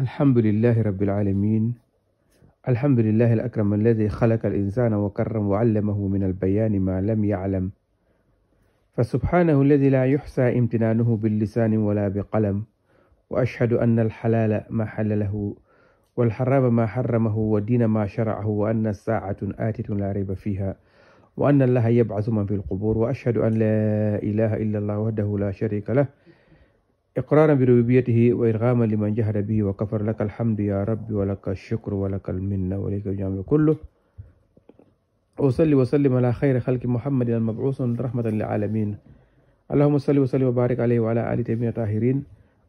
الحمد لله رب العالمين الحمد لله الأكرم الذي خلق الإنسان وكرم وعلمه من البيان ما لم يعلم فسبحانه الذي لا يحصى امتنانه باللسان ولا بقلم وأشهد أن الحلال ما حلله والحرام ما حرمه والدين ما شرعه وأن الساعة آتية لا ريب فيها وأن الله يبعث من في القبور وأشهد أن لا إله إلا الله وحده لا شريك له إقرارا بربوبيته وإرغاما لمن جهر به وكفر لك الحمد يا رب ولك الشكر ولك المنة ولك الجامع كله وصلي وسلم على خير خلق محمد المبعوث رحمة للعالمين اللهم صل وسلم وبارك عليه وعلى آل تيمين الطاهرين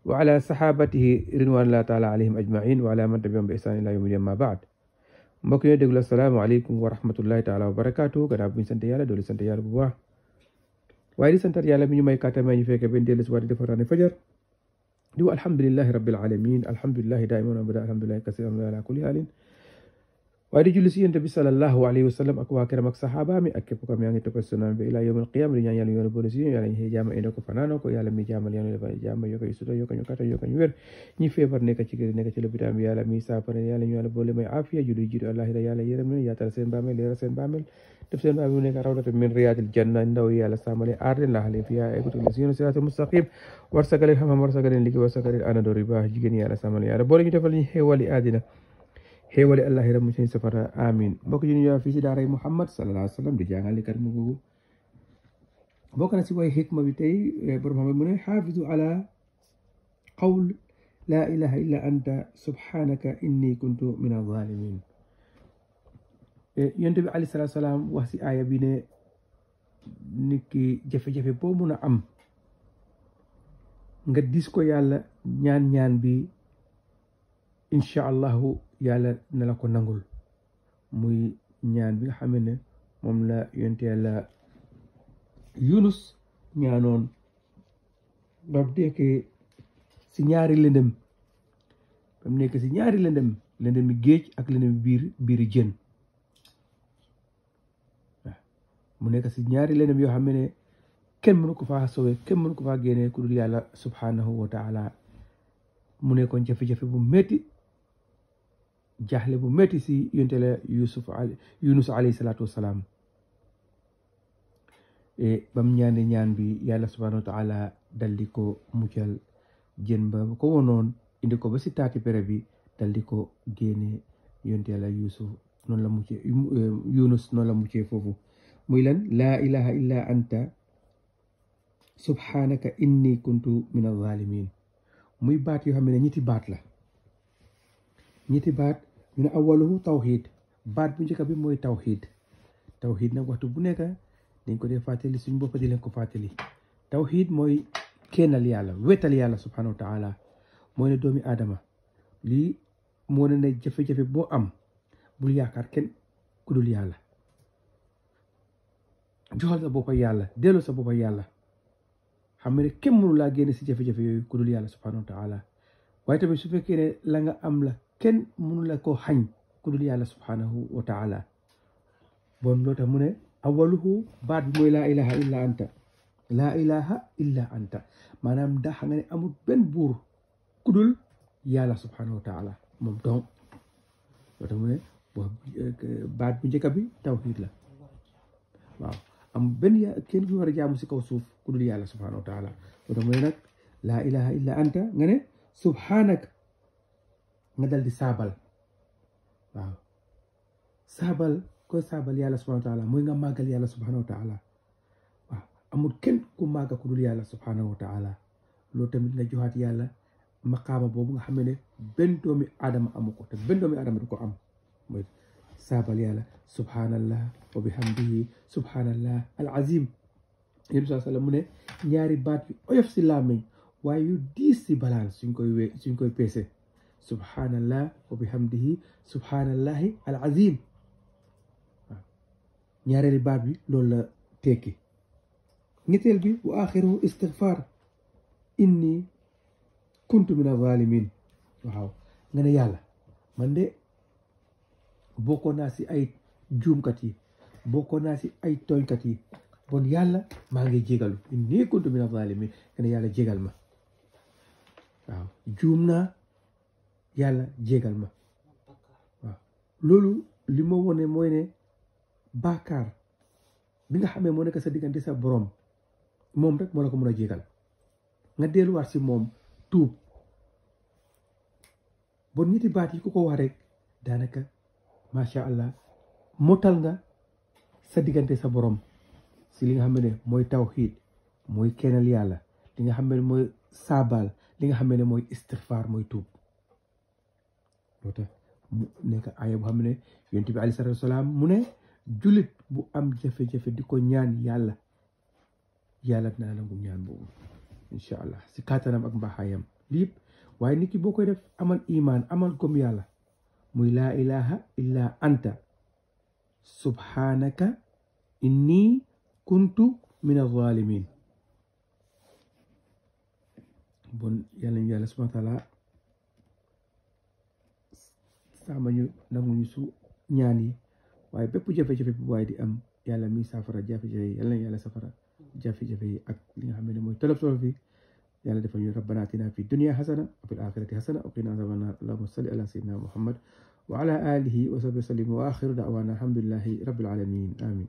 وعلى صحابته رضوان الله تعالى عليهم أجمعين وعلى من تبعهم بإحسان إلى يوم الدين ما بعد مكن ñoo السلام عليكم ورحمة الله تعالى وبركاته barakaatu gannaaw bu ñu دولي yàlla doolu sant yàlla bu baax waaye di santat yàlla mi ñu may kàttan ñu fekkee benn dellusi waat di defaraane fajar دو الحمد لله رب العالمين الحمد لله دائما وابدا الحمد لله كثيرا على كل حال waaye di julli si yonent bi alayhi wa ak waa këram ak saxaaba mi ak képp ko yaa ngi topp sunna bi ila yàlla yërëm leen yaatal seen bàmmeel xéewali Allah mu sen safara amin bok ñu ñëw fi ci muhammad sallallahu Alaihi wasallam di kat mu googu bokk na ci way hikma bi tay borom xam mu ne ala qawl la ilaha illa anta subhanaka inni kuntu min adh-dhalimin yent bi sallallahu alaihi wasallam wax ci aya bi ne nit ki jafé am nga dis ko yalla ñaan-ñaan bi insyaallah yàlla na la ko nangul muy ñaan bi nga xam ne moom la yonte yàlla yunus ñaanoon bam nekkee si ñaari lëndëm bam nekkee si ñaari lëndëm lëndëmi géej ak lëndëmi biir jën mu nekk si ñaari lëndëm yoo xam ne kenn mënu ko faa sowe kenn mënu ko faa génnee ku dul yàlla subhanahu wa taala mu nekkoon jafe-jafe bu métti jaaxle bu metti si yonte la yusuf al yunus alayhi salaam wasalaam e, bam ñaane ñaan bi yàlla subhanahu wa taala daldi ko muccal jën ba ko wonoon indi ko ba si taati pere bi daldi ko génne yonte la yusuf noonu la muccee yunus foofu muy lan laa ilaha illa anta subhanaka inni kuntu min alzalimin muy baat yoo xam ne ñetti baat la ñetti baat ñu ne awaluhu tawxiid baat bu njëkk bi mooy tawxiid tawxiid nag waxtu bu nekk dañ ko dee fàttali suñ bopp di leen ko fàttali tawxiid mooy kennal yàlla wetal yàlla subhanahu wa taala mooy ne doomi aadama lii moo ne ne jafe-jafe boo am bul yaakaar kenn ku dul yàlla joxal sa boppa yàlla delloo sa boppa yàlla xam ne kenn mënu laa génn si jafe-jafe yooyu ku dul yàlla subhanahu wa waaye tamit su fekkee ne la am la kenn mënu la koo xañ ku dul yàlla subhanahu wa taala bon loo tax awaluhu baat bi mooy laa ilaha illa anta laa ilaha maanaam ndax nga ne amul benn buur ku dul yàlla subhanahu wa taala moom donc loo mu ne baat bu njëkk bi tawhid la waaw am benn kenn ku war jaamu si kaw suuf ku dul yàlla subhanahu wa taala loo tax nga ne subhanak nga dal saabal waaw saabal koy saabal yàlla subhanahu wa mooy nga màggal yàlla subhanahu wa waaw amul kenn ku màgga ku dul yàlla subhanahu wa taala loolu tamit nga joxaat yàlla maqaama boobu nga xam ne benn doomi aadama amu ko te benn doomi aadama du ko am mooy saabal yàlla subhanallah baat yu oyof si waaye yu diis balaan suñ koy wee suñ koy peese سبحان الله وبحمده سبحana allahi al azim waaw ñaareeli baat bi loolu la tekki ñetteel bi wa axiruhu istixfaar inni kuntu min azalimin waaw nga ne yàlla man de bokkoon naa si ay juumkat yi bokkoon naa si ay tooñkat yi bon yàlla maa ngi jégalu inni kuntu min azalimin nga ne yàlla jégal ma waaw juum naa yalla jégal ma waaw loolu li wone mooy ne bi nga xamee desa nekk sa diggante sa borom mom rek mo la ko mëna a nga délu war si mom tuub bon ñetti baat yi ku ko rek ma sha allah motal nga sa diggante sa borom ci li nga xamé né moy tawhid moy kenal yalla li nga xamé moy sabal li nga xamé né moy istighfar moy moo tax mu nekk aaya bu xam ne yonent bi alayhi julit bu am jafe-jafe di ko ñaan yàlla yàlla bu, insyaallah. ñaan boobu incha si kàttanam ak mbaaxaayam lii yëpp waaye nit def amal iman, amal kumyala, yàlla muy laa ilaha illa anta subhanaka inni kuntu min azalimin bon yàlla ñu yàlla subhana taala sàmm ñu nangu ñu su ñaan yi waaye bépp jafe-jafe bu waaye di am yàlla mi saafara jafe-jafe yi yàlla na yàlla safara jafe-jafe yi ak li nga xam ne mooy tolof tolof yi yàlla defal ñu rabbana atina fi dunya hasana wa fil akhirati hasana wa qina azaban nar allahumma salli ala sayyidina muhammad wa ala alihi wa sahbihi wa sallim wa akhiru da'wana alhamdulillahi rabbil alamin amin